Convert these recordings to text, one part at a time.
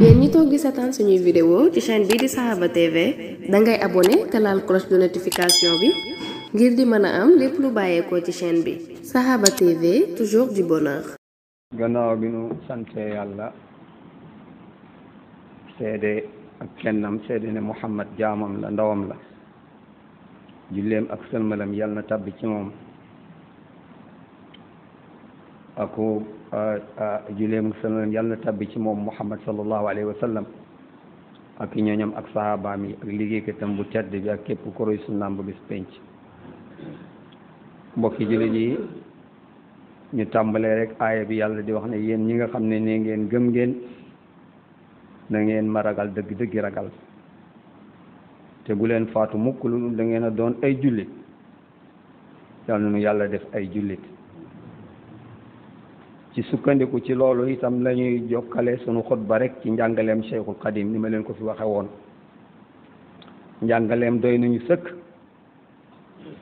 yéen ñi toog di seetaan suñuy vidéo ci chaîne bii di Sahaba TV dangay abonné te laal cloche de notification bi ngir di mën a am lépp lu bàyyeekoo ci chaîne bi Sahaba TV toujours du bonheur. gannaaw bi nu santee yàlla seede ak kennam seede ne Muhammad jaamam la ndawam la julleem ak sëlmalam yàlla na tàbbi ci moom ako juleem ak salaam yàlla na tabbi ci moom muhammad sallallahu alayhi wa sallam ak ñooñam ak sahabaam yi ak liggéeykatam bu tedd bi ak képp ku roy sunnaam bi bis penc mbokki jullit yi ñu tàmbalee rek aaya bi yàlla di wax ne yéen ñi nga xam ne ne ngeen gëm ngeen na ngeen ma ragal dëgg dëggi ragal te bu leen faatu mukk lu da ngeen a doon ay jullit yàlla yàlla def ay jullit ci sukkandiku ci loolu itam lañuy jokkale sunu xutba rek ci njàngaleem Cheikhul Xadim ni ma leen ko fi waxe woon njàngaleem doy nañu sëkk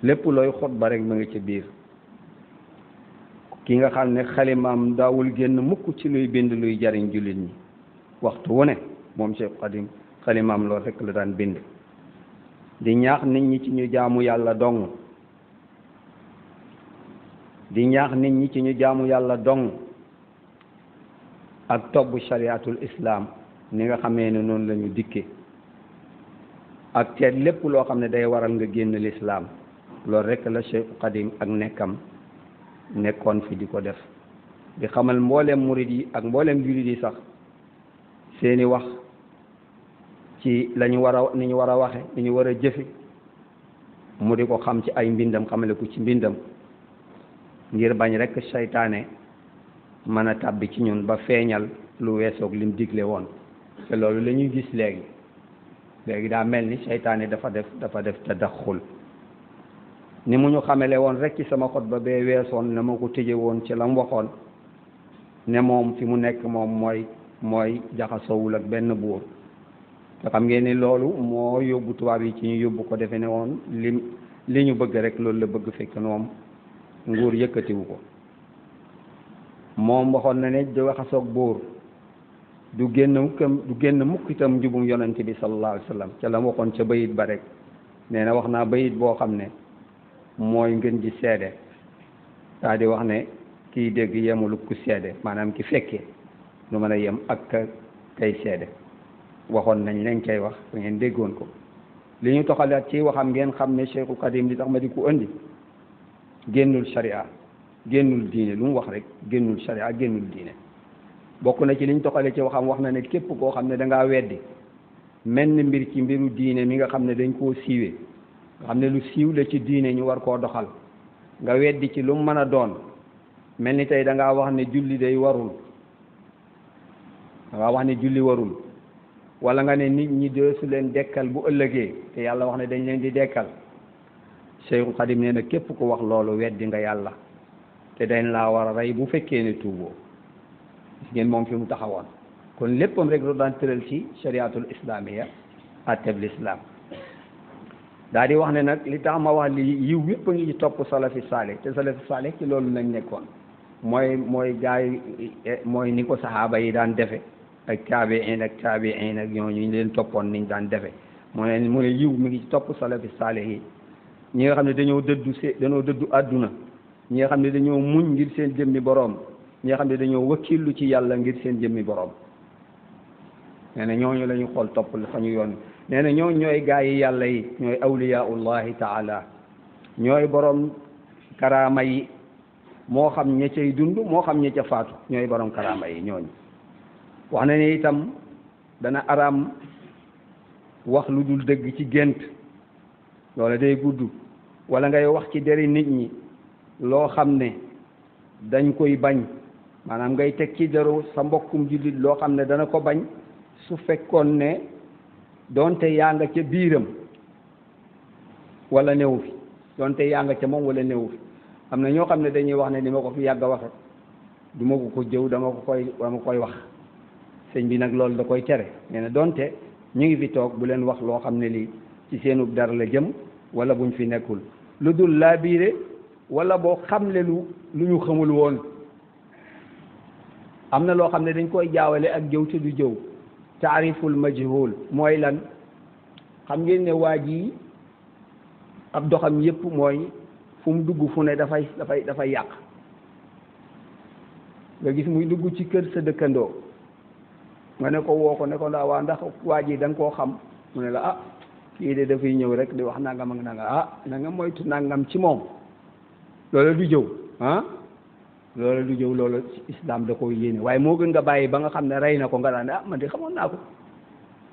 lépp looy xutba rek mu ngi ci biir ki nga xam ne xalimaam daawul génn mukk ci luy bind luy jariñ jullit ñi waxtu wu ne moom Cheikhul Xadim xalimaam loolu rek la daan bind di ñaax nit ñi ci ñu jaamu yàlla dong di ñaax nit ñi ci ñu jaamu yàlla dong ak topp shariatul islam ni nga xamee ne noonu lañu dikkee ak ceet lépp loo xam ne day waral nga génn lislaam loolu rek la Cheikh Xadim ak nekkam nekkoon fi di ko def di xamal mbooleem murit yi ak mbooleem jullit yi sax seeni wax ci lañu ñu war a ni ñu war a waxe ni ñu war a jëfe mu di ko xam ci ay mbindam xamale ko ci mbindam ngir bañ rekk seytaane mën a tàbbi ci ñun ba feeñal lu weesoog lim digle woon te loolu la gis léegi léegi daa mel ni seytaane dafa def dafa def tadaxul ni mu ñu xamele woon rek ci sama xutba bee weesoon na ma ko téje woon ci la mu waxoon ne moom fi mu nekk moom mooy mooy jaxasoowul ak benn buur te xam ngeen ni loolu moo yóbbu tubaab yi ci ñu yóbbu ko defe ne woon li li ñu bëgg rek loolu la bëgg fekk moom nguur yëkkatiwu ko moom waxoon na ne di waxasoog buur du génn mukkam du génn mukk itam njubum yonent bi sallallahu alayhi wa sallam ca la mu waxoon ca bayit ba rek nee na wax naa bayit boo xam ne mooy ngeen ji seede daa di wax ne kiy dégg yemul ku seede maanaam ki fekkee nu mën a yem ak kay seede waxoon nañ lañ cay wax dangeen déggoon ko li ñu toxalaat ci waxam ngeen xam ne Cheikhul Xadim li tax ma di ko indi génnul sharia génnul diine lu mu wax rek génnul ak génnul diine bokk na ci liñ toxale ci waxam wax na ne képp koo xam ne dangaa weddi ni mbir ci mbiru diine mi nga xam ne dañ koo siiwee nga xam ne lu siiw la ci diine ñu war koo doxal nga weddi ci lu mu mën a doon mel ni tey dangaa wax ne julli day warul dangaa wax ne julli warul wala nga ne nit ñi deesu leen dekkal bu ëllëgee te yàlla wax ne dañ leen di dekkal Seexul Xadim nee na képp ku wax loolu weddi nga yàlla te dañ laa war a rey bu fekkee ne tuuboo gis ngeen moom fi mu taxawoon kon léppam rek lu daan tëral ci shariatul islamiya atteb l'islam daa di wax ne nag li tax wax li yiw yëpp a topp salafi saalih te salafi saalih ci loolu lañ nekkoon mooy mooy gaay e, mooy ni ko sahaaba yi daan defe ak taabiin ak taabiin ak ñooñu ñu leen toppoon niñ daan defe mu ne mu ne yiw mi ngi ci topp salafi saalih yi ñi nga xam ne dañoo dëddu se dañoo dëddu àdduna ñi nga xam ne dañoo muñ ngir seen jëmmi boroom ñi xam ne dañoo wakkilu ci yàlla ngir seen jëmmi boroom nee na ñooñu la ñu xool topp fa ñu yoon nee na ñooy gaa yi yàlla yi ñooy awliyaullahi taala ñooy boroom karaama yi moo xam ña cay dund moo xam ña ca faatu ñooy boroom karaama yi ñooñu wax na ne itam dana araam wax lu dul dëgg ci gént loola day gudd wala ngay wax ci deri nit ñi loo xam ne dañ koy bañ maanaam ngay teg ci deru sa mbokkum jullit loo xam ne dana ko bañ su fekkoon ne doonte yaa nga ca biiram wala néew fi doonte yaa nga ca moom wala néew fi am na ñoo xam ne dañuy wax ne ni ma ko fi yàgg a waxe du ko ko jëw dama ko koy koy wax sëñ bi nag loolu da koy tere nee na doonte ñu ngi fi toog bu leen wax loo xam ne lii ci seenub dara la jëm wala buñ fi nekkul lu dul laa biire wala boo xam leenu lu ñu xamul woon am na loo xam ne dañ koy jaawale ak jëw te du jëw taariful majhul mooy lan xam ngeen ne waa ji ab doxam yépp mooy fu dugg fu ne dafay dafay dafay yàq nga gis muy dugg ci kër sa dëkkandoo nga ne ko woo ko ne ko ndaa ndax waa ji da koo xam mu ne la ah kii de dafay ñëw rek di wax nangam ak nangam ah nangam moytu nangam ci moom loola du jëw ah loola du jëw loola islam da ko yéene waaye moo gën nga bàyyi ba nga xam ne rey na ko nga daan ne ah man de xamoon naa ko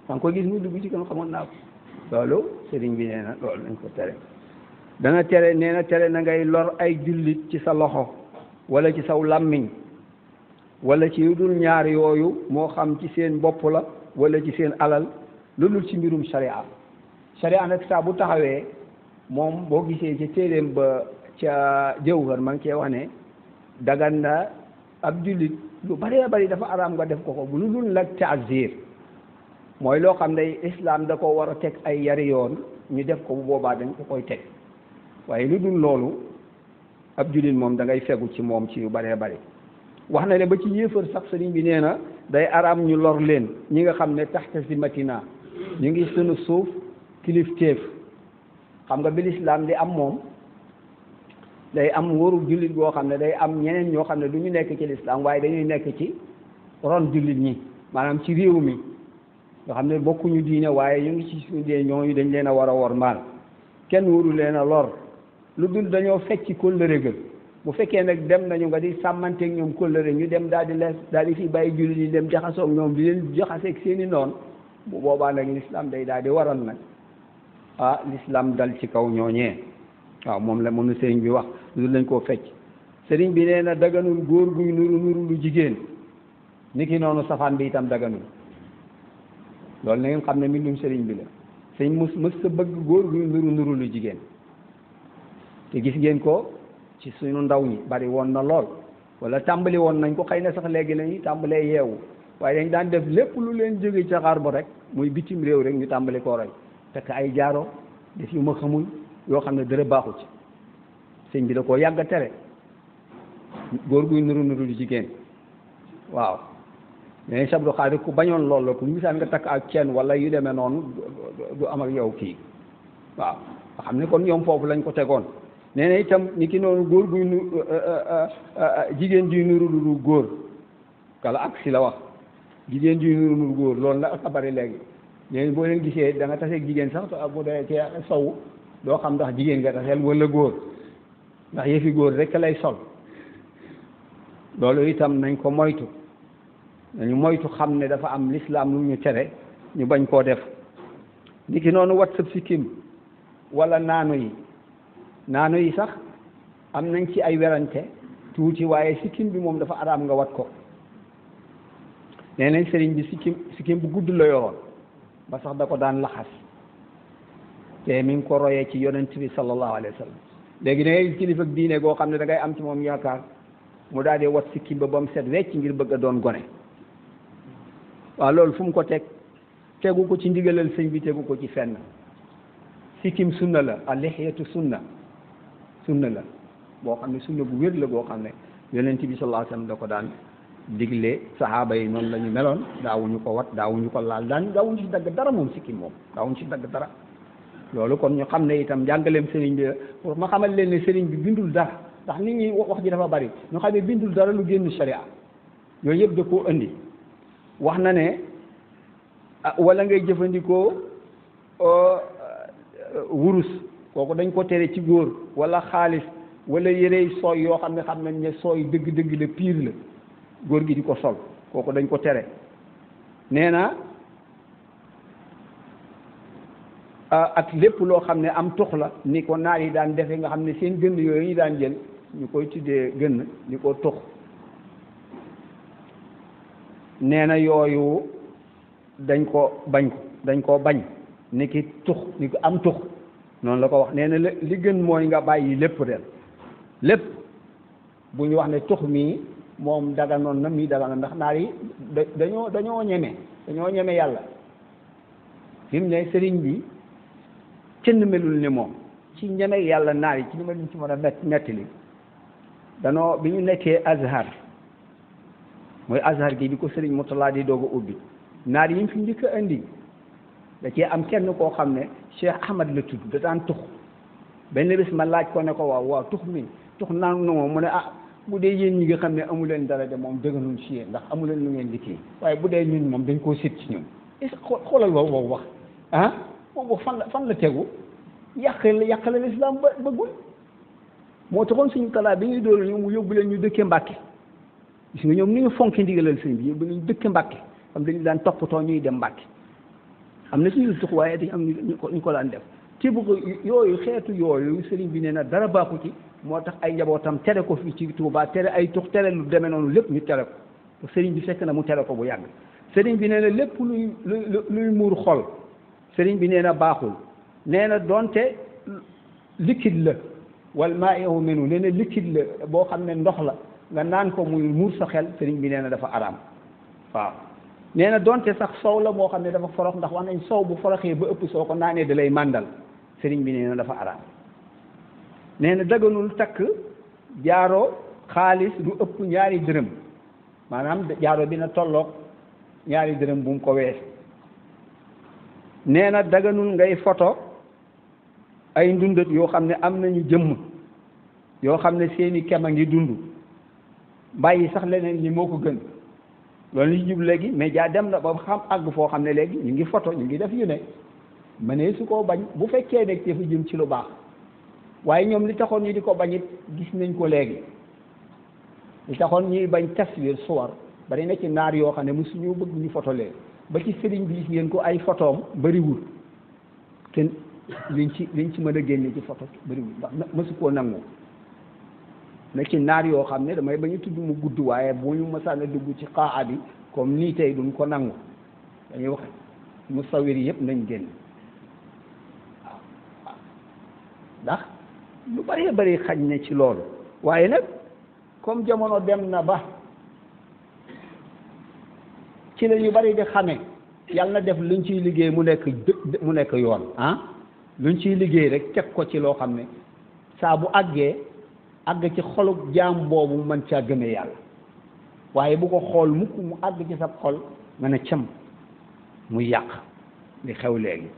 maa ngi koy gis muy dugg ci kan xamoon naa ko loolu sëriñ bi nee na loolu lañ ko tere dana tere nee na tere na ngay lor ay jullit ci sa loxo wala ci saw làmmiñ wala ci lu dul ñaar yooyu moo xam ci seen bopp la walla ci seen alal lu dul ci mbirum sharia sharia nag saa bu taxawee moom boo gisee ci téeréem ca jawhar maa ngi cee wax ne dagan na ab jullit lu bëree bëri dafa araam nga def ko ko bu lu dul nag taazir mooy loo xam ne islam da ko war a teg ay yari yoon ñu def ko bu boobaa dañ ko koy teg waaye lu dul loolu ab jullit moom dangay ngay fegu ci moom ci yu bëree bëri wax na ne ba ci yéefar sax sëriñ bi nee na day araam ñu lor leen ñi nga xam ne taxta zimatina ñu ngi sunu suuf kilifteef xam nga bi lislaam di am moom day am wóoru jullit goo xam ne day am ñeneen ñoo xam ne du ñu nekk ci lislaam waaye dañuy nekk ci ron jullit ñi maanaam ci réew mi nga xam ne bokkuñu diine waaye ñu ngi ci suñu diine ñooñu dañ leen a war a wor maal kenn wóoru leen a lor lu dul dañoo fecc kóllëre bu fekkee nag dem nañu nga di sàmmanteeg ñoom kóllëre ñu dem daal di lees daal di fi bàyyi jullit ñi dem jaxasook ñoom di leen jaxaseeg seeni noon bu boobaa nag lislaam day daal di waral nag ah lislaam dal ci kaw ñooñee waaw moom la mënu sëriñ bi wax lu lañ koo fecc sëriñ bi nee na daganul góor guy nuru nuru lu jigéen ki noonu safaan bi itam daganul loolu na ngeen xam ne mbindum sëriñ bi la sëñ mës mës sa bëgg góor guy nuru nuru lu jigéen te gis ngeen ko ci suñu ndaw ñi bari woon na lool wala tàmbali woon nañ ko xay na sax léegi lañuy tàmbalee yeewu waaye dañ daan def lépp lu leen jóge ca xaar ba rek muy bitim réew rek ñu tàmbali koo roy fekk ay jaaro def yu ma xamul yoo xam ne dara baaxu sëñ bi da koo yàgg a tere góor guy nuru nuru jigéen waaw mais sabdu xaadir ku bañoon loolu la ku misaan nga takk ak ceen wala yu demee noonu du am ak yow kii waaw nga xam ne kon ñoom foofu lañ ko tegoon nee itam ni ki noonu góor guy nu euh, euh, euh, jigéen juy nuru nuru góor kala ak si la wax jigéen juy nuru nuru góor loolu la ak bari léegi léegi boo leen gisee da nga taseeg jigéen sax bu dee ci sow doo xam ndax jigéen nga taseel wala góor ndax yëfi góor rekk lay sol loolu itam nañ ko moytu nañu moytu xam ne dafa am lislaam lu ñu tere ñu bañ koo def niki noonu wat sab sikkim walla naanu yi naanu yi sax am nañ ci ay werante tuuti waaye sikkim bi moom dafa araam nga wat ko nee nañ sëriñ bi sikkim sikkim bu gudd la yoroon ba sax da ko daan laxas te mi ngi ko royee ci yonent bi sallallahu alayhi wa sallam léegi da ngay gis kilifa diine goo xam ne dangay ngay am ci moom yaakaar mu daa di wat sikkim ba ba mu set wecc ngir bëgg a doon gone waaw loolu fu mu ko teg tegu ko ci ndigalal sëñ bi tegu ko ci fenn sikkim sunna la alixiyatu sunna sunna la boo xam ne sunna bu wér la boo xam ne yonent bi sallallahu alayhi wasallam da ko daan digle saxaaba yi noonu la ñu meloon daawuñu ko wat daawuñu ko laal daan daawuñu ci dagg dara moom sikkim moom daawuñu ci dagg dara loolu kon ñu xam ne itam jàngaleem sëriñ bi pour ma xamal leen ne sëriñ bi bindul dara ndax nit ñi wax ji dafa bari ñu xam ne bindul dara lu génn sharia yooyu yëpp da koo indi wax na ne ah, walla ngay jëfandikoo euh, euh, wurus kooku dañ ko tere ci góor wala xaalis wala yérey sooy yoo xam ne xam nañ ne sooy dëgg-dëgg la piir la góor gi di ko sol kooku dañ ko tere nee na Euh, ak lépp loo xam ne am tux la ni ko naar yi daan defe nga xam ne seen gënn yooyu ñu daan jël ñu koy tuddee gënn li ko tux nee na yooyu dañ ko bañ dañ koo bañ ni ki tux ni ko am tux noonu la ko wax nee na li gën mooy nga bàyyi lépp ren lépp bu ñu wax ne tux mii moom daganoon na mii daganoon ndax naar yi dañoo dañoo ñeme dañoo ñeme yàlla fi ne sëriñ bi kenn melul ni moom ci ñeme yàlla naar yi ci ñeme luñ ci mën a nettali danoo bi ñu nekkee azhar mooy azhar gi di ko sëriñ Murtala di doog a ubbi naar yi ñu fi njëkk a indi da cee am kenn koo xam ne Cheikh Ahmad la tudd da daan tux benn bis ma laaj ko ne ko waaw waaw tux mi tux naan na mu ne ah bu dee yéen ñi nga xam ne amu leen dara de moom dëgganul si ndax amu leen lu ngeen liggéey waaye bu dee ñun moom dañ koo sit ci ñun xoolal boobu wax ah? boobu fan la fan la tegu yàqale yàqale lislaam ba bëggul moo taxoon suñu talaat bi ñuy doolu ñu yóbbu leen ñu dëkke mbàkke gis nga ñoom ni ñu fonke ndigalal sëñ bi yóbbu leen ñu dëkkee mbàkke xam dañu daan toppatoo ñuy dem mbàkke am na suñu tux waaye dañ am ko daan def ci ko yooyu xeetu yooyu sëriñ bi nee na dara baaxu ci moo tax ay njabootam tere ko fii ci Tuubaa tere ay tux tere lu demee noonu lépp ñu tere ko sëriñ bi fekk na mu tere ko bu yàgg sëriñ bi na lépp luy luy muur xol sëriñ bi nee na baaxul nee na donte liquide la wal maa eewu menu nee na la boo xam ne ndox la nga naan ko muy muur sa xel sëriñ bi nee na dafa araam waaw nee na donte sax soow la moo xam ne dafa forox ndax wax nañ soow bu foroxee ba ëpp soo ko naanee da lay màndal sëriñ bi nee dafa araam nee na daganul takk jaaro xaalis lu ëpp ñaari dërëm maanaam jaaroo bi na tolloog ñaari dërëm bu mu ko wees nee na daganul ngay photo ay ndundat yoo xam ne am nañu jëmm yoo xam ne seeni kem a ngi dund bàyyi sax leneen ñi moo ko gën loolu ñu jub léegi média dem na ba xam àgg foo xam ne léegi ñu ngi foto ñu ngi def yu ne ma su koo bañ bu fekkee nekk dafa jëm ci lu baax waaye ñoom li taxoon ñu di ko bañit gis nañ ko léegi li taxoon ñuy bañ taswir suwar bari na ci naar yoo xam ne mosuñu bëgg ñu photo léegi ba ci sëriñ bi ngeen ko ay photoom bëriwul kenn liñ ci liñ ci mën a génne ci photo bëriwul ndax mësu nangu na ci naar yoo xam ne damay bañ a tudd mu gudd waaye bu ñu mësaan dugg ci xaa bi comme nii tey duñ ko nangu dañuy wax musawir yépp nañ génn waaw ndax lu bëree bëri xañ na ci loolu waaye nag comme jamono dem na ba ci la ñu bari di xamee yàlla na def luñ ciy liggéey mu nekk mu nekk yoon ah luñ ciy liggéey rek teg ko ci loo xam ne saa bu àggee àgg ci xolug jaam boobu mën caa gëme yàlla waaye bu ko xool mukk mu àgg ci sab xol nga ne cam mu yàq di xew léegi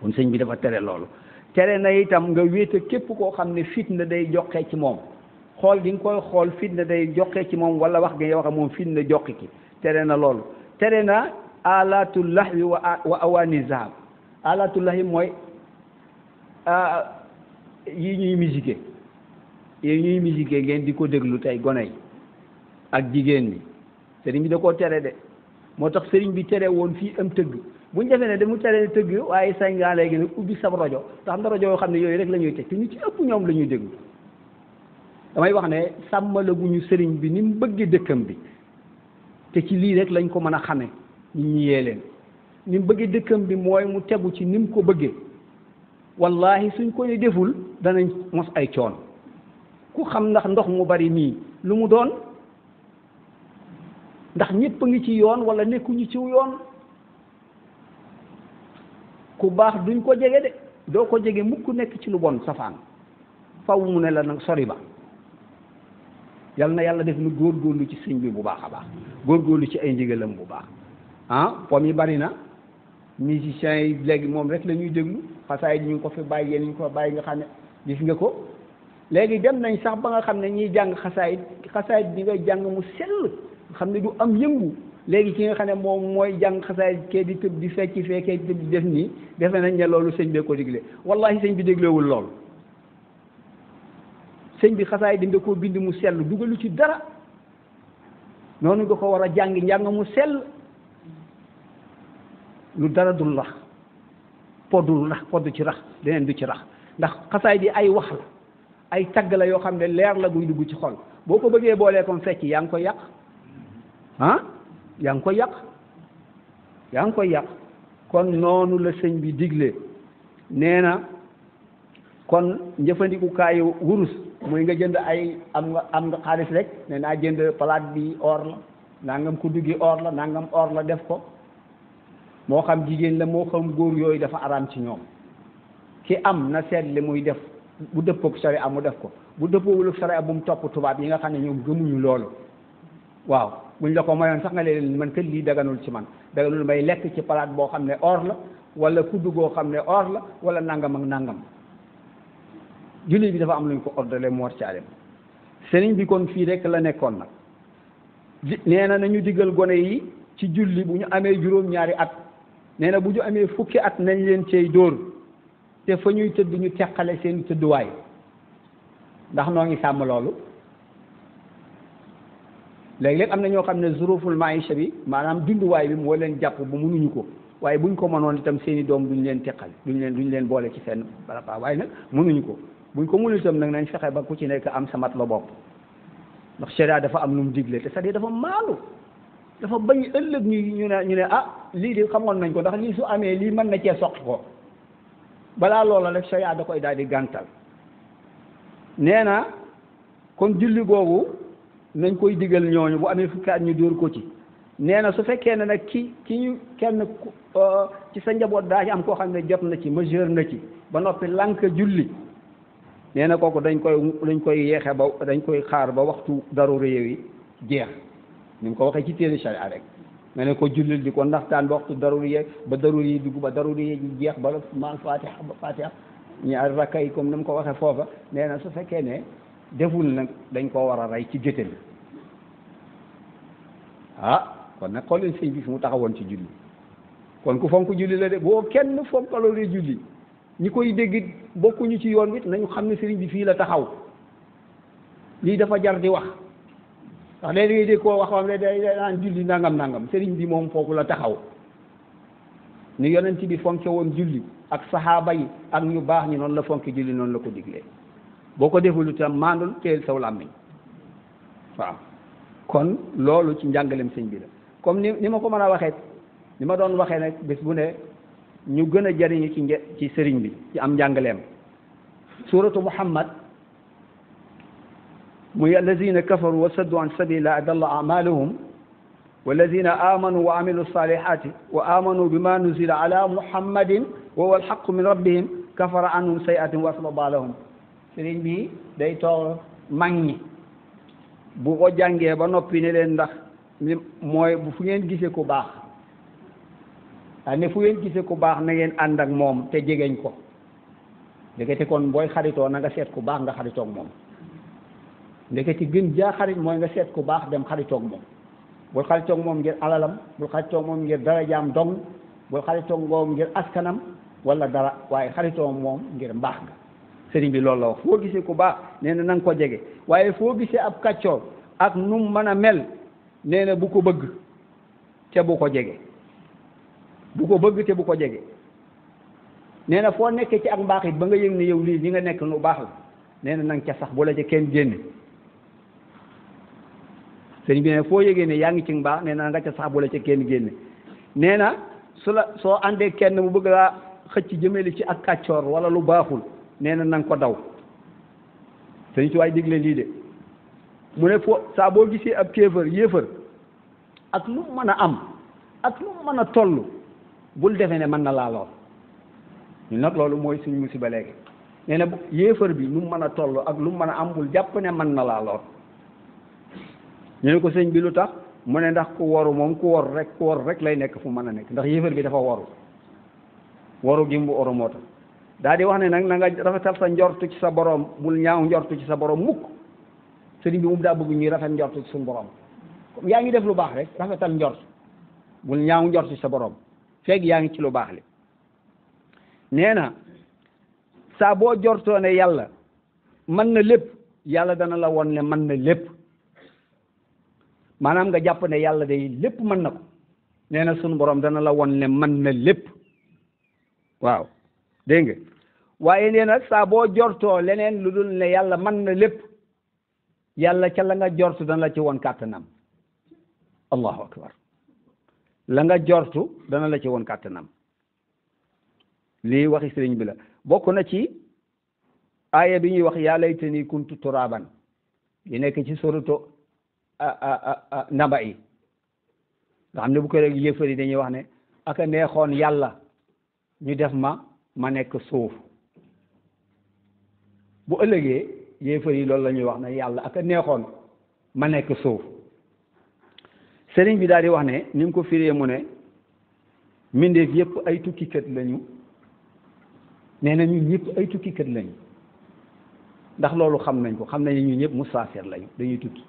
kon sëñ bi dafa tere loolu tere na itam nga wéete képp koo xam ne fitna day joxe ci moom xool gi nga koy xool fitna day joxe ci moom wala wax gi nga wax moom fitna joxe ki tere na loolu tere na alaatu lahwi wa wa awaani zahab alaatu lahwi mooy yi ñuy musique yi ñuy musique ngeen di ko déglu tey gone yi ak jigéen ñi sëriñ bi da koo tere de moo tax sëriñ bi tere woon fii am tëgg bu ñu defee ne damu tere tëgg waaye sañ ngaa léegi nag ubbi sab rajo te xam na rajo yoo xam ne yooyu rek la ñuy te ñu ci ëpp ñoom lañuy déglu damay wax ne sàmmalaguñu sëriñ bi ni mu bëggee dëkkam bi te ci lii rek lañ ko mën a xamee ñu ñiyee leen ni bëggee dëkkam bi mooy mu tegu ci ni ko bëggee wallahi suñ ko ne deful danañ mos ay coon ku xam ndax ndox mu bari nii lu mu doon ndax ñépp ngi ci yoon wala nekkuñu ciw yoon ku baax duñ ko jege de doo ko jege mukk nekk ci lu bon safaan faw mu ne la nag sori ba yal na yàlla def góor góorgóorlu ci sëñ bi bu baax a baax góor góorlu ci ay ndigalam bu baax ah pom yi bari na musiciens yi léegi moom rek la ñuy déglu xasaay ñu ngi ko fi bàyyi yéen ñu ko bàyyi nga xam ne gis nga ko léegi dem nañ sax ba nga xam ne ñiy jàng xasaay xasaay bi nga jàng mu sell xam ne du am yëngu léegi ci nga xam ne moom mooy jàng xasaay kee di tëb di fecc fee kee di def nii defe nañ ne loolu sëñ bee ko digle wallahi sëñ bi déglewul loolu sëñ bi xasaay di nga koo bind mu sell dugalu ci dara noonu nga ko war a jàng njàng mu sell lu dara dul rax poddul rax podd ci rax leneen du ci rax ndax xasaay bi ay wax la ay tagg la yoo xam ne leer la guy dugg ci xol boo ko bëggee boolee comme fecc yaa ngi koy yàq ah yaa ngi ko yàq yaa ngi koy yàq kon noonu la sëñ bi digle nee na kon njëfandikukaayu wurus muy nga jënd ay am nga am nga xaalis rek ne naa jënd palaat bi or la nangam kuddu gi or la nangam or la def ko moo xam jigéen la moo xam góor yooyu dafa araam ci ñoom ki am na seet li muy def bu dëppook sariya mu def ko bu dëppoowul ak sariya bu mu topp tubaab yi nga xam ne ñoom gëmuñu loolu waaw buñ la ko mayoon sax nga leen man kat lii daganul ci man daganul may lekk ci palaat boo xam ne or la wala kuddu goo xam ne or la wala nangam ak nangam jullit bi dafa am luñ ko ordale mu war caa dem sëriñ bi kon fii rek la nekkoon nag di nee na nañu diggal gone yi ci julli bu ñu amee juróom-ñaari at nee na bu ñu amee fukki at nañ leen cey dóor te fa ñuy tëdd ñu teqale seen tëdduwaay ndax noo ngi sàmm loolu léeg-léeg am na ñoo xam ne zuruful maïcha bi maanaam dunduwaay bi moo leen jàpp bu mënuñu ko waaye buñ ko mënoon itam seen i doom duñ leen teqal duñ leen duñ leen boole ci seen barab waaye nag mënuñu ko buñ ko mënul itam nag nañ fexe ba ku ci nekk am sa mat la bopp ndax sharia dafa am lu mu digle te c'est-à-dire dafa maalu dafa bañ ëllëg ñu ñu ne ñu ne ah lii de xamoon nañ ko ndax lii su amee lii mën na cee soq ko balaa loola rek sharia da koy daal di gàntal nee na kon julli googu nañ koy digal ñooñu bu amee fukki ñu dóor ko ci nee na su fekkee ne nag ki ki ñu kenn euh, ci sa njaboot daa ci am koo xam ne jot na ci majeur na ci ba noppi lank julli nee na kooku dañ koy dañ koy yeexe ba dañ koy xaar ba waxtu darura yi jeex ni mu ko waxee ci téere sharia rek nga ne ko jullil di ko ndaxtaan ba waxtu darura yi ba darura yi dugg ba darura yi jeex ba maal fatiha ba fatiha ñaar rakka yi comme ni mu ko waxee foofa nee na su fekkee ne deful nag dañ koo war a rey ci géttal ah kon nag xool leen sëñ bi fi mu taxawoon ci julli kon ku fonk julli la de boo kenn fonkaloo julli ñi koy dégg bokkuñu ci yoon wit nañu xam ne sëriñ bi fii la taxaw lii dafa jar di wax ndax koo wax xam ne day naan julli nangam nangam sëriñ bi moom foofu la taxaw ni yonent bi fonke woon julli ak saxaaba yi ak ñu baax ñu noonu la fonke julli noonu la ko diglee boo ko deful itam maandul teel saw làmmiñ waaw kon loolu ci njàngalem sëñ bi la comme ni ni ma ko mën a waxee ni ma doon waxee nag bés bu ne ñu gën a jariñu ci nje ci sëriñ bi ci am njàngaleem suratu muhammad muy allazina kafaru wa saddu an sabila adalla amaluhum والذين آمنوا وعملوا الصالحات وآمنوا بما نزل على محمد وهو الحق من ربهم كفر عنهم سيئات وأسلط بالهم sëriñ bi day toog mag ñi bu ko jàngee ba noppi ne leen ndax mooy bu fu ngeen gisee ku baax Ah, ne fu ngeen gisee ku baax na ngeen ànd ak moom te jegeñ ko ndekete kon booy xaritoo na nga seet ku baax nga xaritoog moom ndekete gën jaa xarit mooy nga seet ku baax dem xaritoog moom bul xaritoog moom ngir alalam bul xaritoog moom ngir darajaam dong bul xaritoog moom ngir askanam wala dara waaye xaritoo moom ngir mbaax nga sëriñ bi loolu la wax foo gisee ku baax nee na na nga ko jege waaye foo gisee ab kàccoor ak num mën a mel nee na bu ko bëgg te bu ko jege bu ko bëgg te bu ko jege nee na foo nekkee ci ak mbaax it ba nga yëg ne yow lii li nga nekk lu baax la nee na nang ca sax bu la ca kenn génne sëñ foo yëgee ne yaa ngi ci mbaax nee na nga ca la ca kenn génne nee na su la soo àndee kenn mu bëgg laa xëcc jëmeli ci ak kàccoor wala lu baaxul nee na nang ko daw sëñ ci waay digle lii de mu ne foo saa boo gisee ab kéefër yéefër ak lu mën a am ak lu mën a tollu bul defé né man na la lool ñu nak loolu mooy tollo, musiba léegi nee na yéefar bi nu mën a toll ak lu mën a am bul jàpp ne man na la lool ñu ne ko sëñ bi lu tax mu ne ndax ku waru moom ku wor rek ku wor rek lay nekk fu mën a nekk ndax yéefar bi dafa waru waru gi mu moo tax wax ne nag na nga rafetal sa njortu ci sa borom bul ñaaw njortu ci sa borom mukk sëriñ bi mu daa bëgg ñuy rafet njortu ci sun borom yaa ngi def lu baax rek rafetal njort bul ñaaw ci sa borom feeg yaa ngi ci lu baax li nee na saa boo jortoo ne yàlla mën na lépp yàlla dana la won ne mën na lépp maanaam nga jàpp ne yàlla day lépp mën na ko nee na borom dana la won ne mën na lépp waaw dégg nga waaye nee na saa boo jortoo leneen lu dul ne yàlla mën na lépp yàlla ca la nga jort dana la ci won kàttanam allahu akbar la nga jortu dana la ci woon kàttanam lii waxi sëriñ bi la bokk na ci aaya bi ñuy wax yaa laytani kuntu turaaban yi nekk ci suratu naba yi nga xam ne bu ko rek yëfër yi dañuy wax ne ak a neexoon yàlla ñu def ma ma nekk suuf bu ëllëgee yéefar yi loolu la ñuy wax na yàlla ak a neexoon ma nekk suuf sëriñ bi daal di wax ne ni mu ko firee mu ne mbindeef yépp ay tukkikat lañu nee na ñun ñëpp ay tukkikat lañu ndax loolu xam nañ ko xam ne nañ ñun ñëpp musaafir lañu dañuy tukki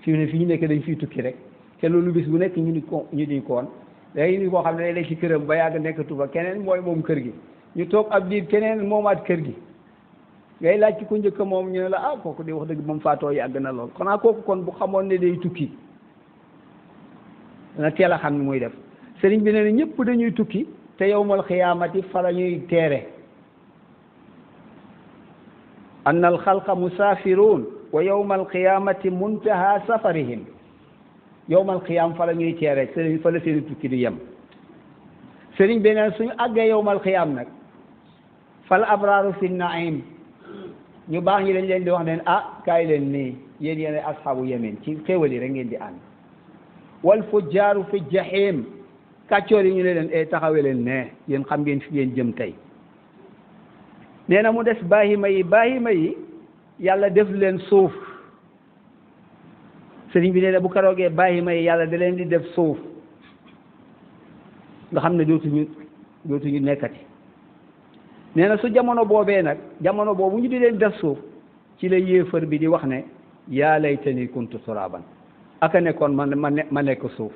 fi ne fi ñu nekk dañ fiy tukki rek te loolu bis bu nekk ñu ni ñu di koon day ni koo xam ne day ci këram ba yàgg nekk tuba keneen mooy moom kër gi ñu toog ab diir keneen at kër gi ngay laaj ci ko njëkk moom ñu ne la ah kooku de wax dëgg moom faatoo yàgg na lool xanaa kooku kon bu xamoon ne day tukki na teel a xam ni muy def sëriñ bi nee na ñëpp dañuy tukki te yowmal xiyaamati fa la ñuy teere anna al xalqa musaafiruun wa yowmal qiyaamati muntaha safarihim yowmal qiyaam fa la ñuy teere sëriñ fa la seeni tukki di yem sëriñ bi neen suñu àggee yowmal qiyaam nag fal abraaru fi naim ñu baax ñi dañ leen di wax neen ah kaay leen nii yéen yéen asxaabu yemin ci xéewal yi ngeen di ànd wal fujjaaru fi jahim kàccoor yi ñu ne leen ay eh, taxawe leen ne yéen xam ngeen fi ngeen jëm tey nee na mu des baahima yi baahima yi yàlla def leen suuf sëriñ bi nee bu karoogee baahima yi yàlla da leen di def suuf nga xam ne dootuñu ñu nekkati nee na su jamono boobee nag jamono boobu ñu di leen def suuf ci la yéefar bi di wax ne yaa laytani kuntu turaaban aka nekkoon man ma ne ma nekk suuf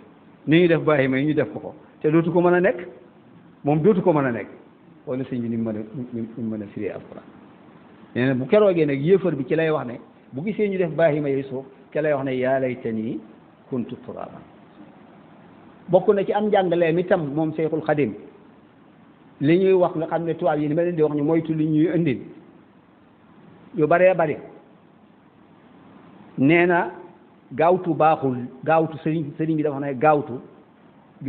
ni ñu def bàyyi may ñu def ko ko te dootu ko mën a nekk moom dootu ko mën a nekk wala sëñ bi ni mën a ni mën a firi alquran nee bu keroogee nag yéefar bi ci lay wax ne bu gisee ñu def bàyyi yi yey suuf ci lay wax ne yaa laytanii kuntu turaaban bokk na ci am njàngaleem itam moom Seyxul Xadim li ñuy wax nga xam ne tubaab yi li ma leen di wax ñu moytu li ñuy indil yu baree bari nee gaawtu baaxul gaawtu sëriñ sëriñ bi dafa ne gaawtu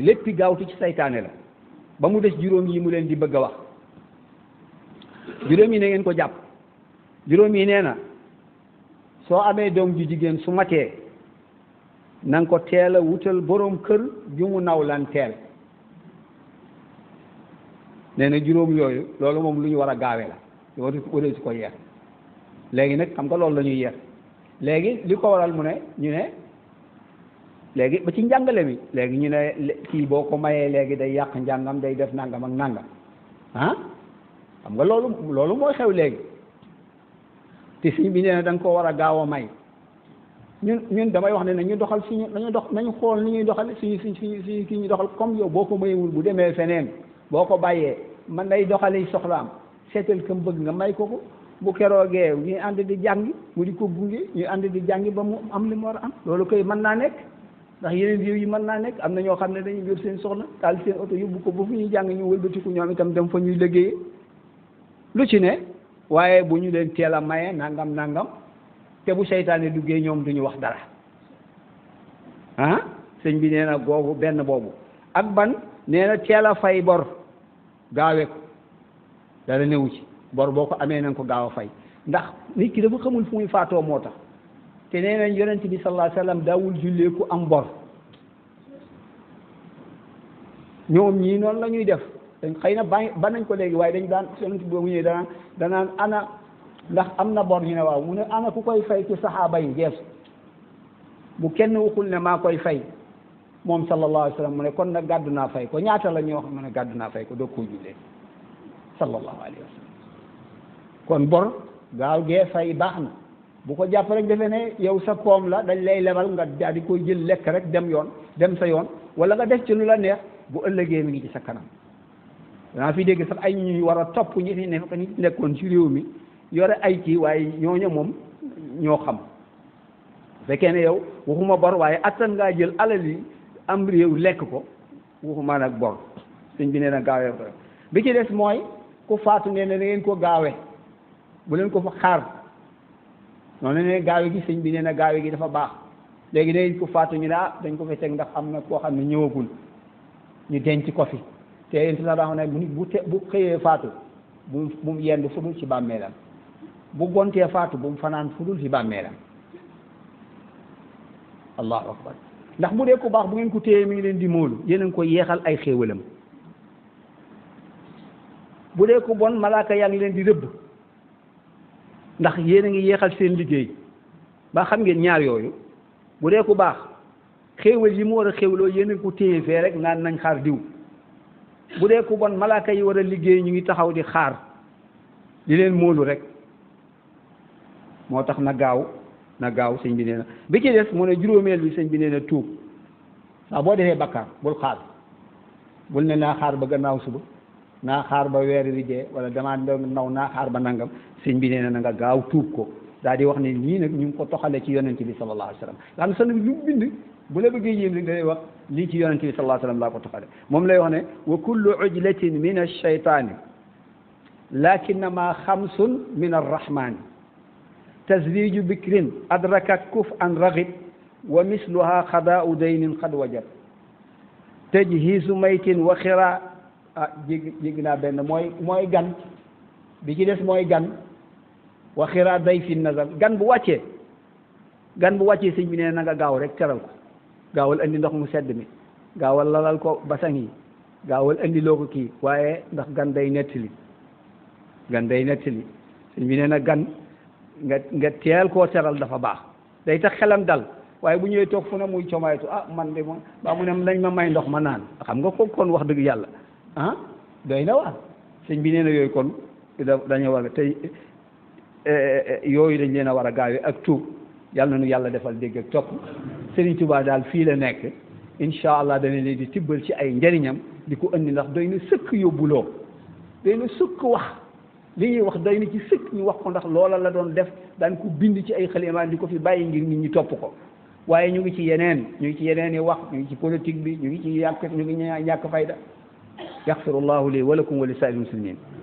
léppi gaawtu ci saytaane la ba mu des juróom yi mu leen di bëgg a wax juróom yi na ngeen ko jàpp juróom yi nee na soo amee doom ju jigéen su matee na ko teel a wutal boroom kër ju mu naw lan teel nee na juróom yooyu loolu moom lu ñu war a gaawe la wara si ko yeer léegi nag xam nga loolu la ñuy yeer léegi li ko waral mu ne ñu ne léegi ba ci njàngale mi léegi ñu ne kii boo ko mayee léegi day yàq njàngam day def nangam ak nangam ah xam nga loolu loolu mooy xew léegi te sëñ bi nee na da nga koo war a gaaw a may ñun ñun damay wax ne ñu doxal suñu nañu dox nañu xool ni ñuy doxal suñu suñ suñu suñu kii ñu doxal comme yow boo ko mayewul bu demee feneen boo ko bàyyee man day doxali soxlaam seetal kam bëgg nga may ko ko bu keroogee ñuy ànd di jàngi mu di ko gunge ñuy ànd di jàngi ba mu am li mu war am loolu koy mën naa nekk ndax yeneen réew yi mën naa nekk am na ñoo xam ne dañuy yor seen soxla taal seen oto yóbbu ko ba fu ñuy jàng ñu wëlbatiku ñoom itam dem fa ñuy liggéeyee lu ci ne waaye bu ñu leen teel a maye nàngam nangam te bu seytaane duggee ñoom duñu wax dara ah sëñ bi nee na benn boobu ak ban nee na teel a fay bor gaawe ko dara newu ci bor boo ko amee nañ ko gaaw a fay ndax nit ki dafa xamul fu muy faatoo moo tax te nee nañ yonent bi sallallahu alayhi wasallam am bor ñoom ñii noonu la ñuy def dañ xëy na ba nañ ko léegi waaye dañ daan yonent boobu ñëwee danaan danaan ndax am na bor ñu ne waaw ku koy fay ci saxaaba bu kenn waxul ne maa koy fay moom sallallahu alayhi wasallam mu ne kon nag gàddu ñaata la ñoo xam ne gàddu naa fay ko doo ko kon bor gaaw gee say baax na bu ko jàpp rek defe ne yow sa poom la dañ lay lebal nga daal di koy jël lekk rek dem yoon dem sa yoon wala nga def ci lu la neex bu ëllëgee mi ngi ci sa kanam danaa fi dégg sax ay ñuy war a topp ñu fi nekk ñi nekkoon ci réew mi yore ay kii waaye ñooñu moom ñoo xam fekkee ne yow waxuma bor waaye attan ngaa jël alal yi am réew lekk ko waxuma nag bor suñ bi nee na gaawee bi ci des mooy ku faatu nee na ngeen ko gaawee bu leen ko fa xaar noonu ne gaawe gi sëñ bi nee na gaawe gi dafa baax léegi dañ ko faatu ñu ne ah dañ ko fi teg ndax am na koo xam ne ñëwagul ñu denc ko fi te yéen sa daa ne bu bu bu xëyee faatu bu mu yendu fu ci bàmmeelam bu gontee faatu bu mu fanaan fu ci bàmmeelam allahu akbar ndax bu dee ku baax bu ngeen ko téyee mu ngi leen di móolu yéen ko ngi yeexal ay xéewalam bu dee ko bon malaaka yaa leen di rëbb ndax yéen a ngi yeexal seen liggéey ba xam ngeen ñaar yooyu bu dee ku baax xéewal yi mu war a xéewloo yéen a ko téye fee rek naan nañ xaar diw bu dee ku bon malaaka yi war a liggéey ñu ngi taxaw di xaar di leen moolu rek moo tax na gaaw na gaaw sëñ bi nee na bi ci des mu ne juróomeel bi sëñ bi nee na tuub saa boo defee bakkaar bul xaar bul ne naa xaar ba gannaaw suba naa xaar ba weer wi dee wala damaa ndaw naa xaar ba nangam sëñ bi nee na nga gaaw tuub ko daal di wax ne lii nag ñu ngi ko toxalee ci yonente bi sallallahu alayhi wa sallam nga xam ne lu bind bu la bëggee yéem rek day wax lii ci yonente bi sallallahu alayhi wa sallam laa ko toxale moom lay wax ne wa kullu ujlatin min alcheytaani lakinnama xamsun min arrahmani tazwiju bikrin adrakat kuf an ragib wa misluha xadaau daynin qad wajab tajhisu maytin wa xiraa ah jéggi jéggi naa benn mooy mooy gan bi ci des mooy gan wa xiraa day fi nazar gan bu wàccee gan bu wàccee sëñ bi nee na gaaw rek teral ko gaawal andi ndox mu sedd mi gaawal lalal ko basan yi gaawal indi loo ko kii waaye ndax gan day nettali gan day nettali sëñ bi nee na gan nga nga teel koo teral dafa baax day tax xelam dal waaye bu ñëwee toog fu ne muy comaytu ah man de moom baa mu ne nañ ma may ndox ma naan xam nga ko wax dëgg yàlla ah doy na waar sëñ bi nee na yooyu kon dañoo war a tey eh, eh, eh, yooyu dañ leen a war a gaawee ak tuub yàlla na nu yàlla defal dégg ak topp Serigne Touba daal fii la nekk incha allah dana leen di tibbal ci ay njariñam di ko andi ndax doy na sëkk yóbbuloo doy na sëkk wax li ñuy wax doy na ci sëkk ñu wax ko ndax loola la doon def daan ko bind ci ay xalimaat di ko fi bàyyi ngir nit ñi topp ko waaye ñu ngi ci yeneen ñu ngi ci yeneen i wax ñu ngi ci politique bi ñu ngi ci yàq ñu ngi ñàkk fayda يغفر الله لي ولكم ولسائر المسلمين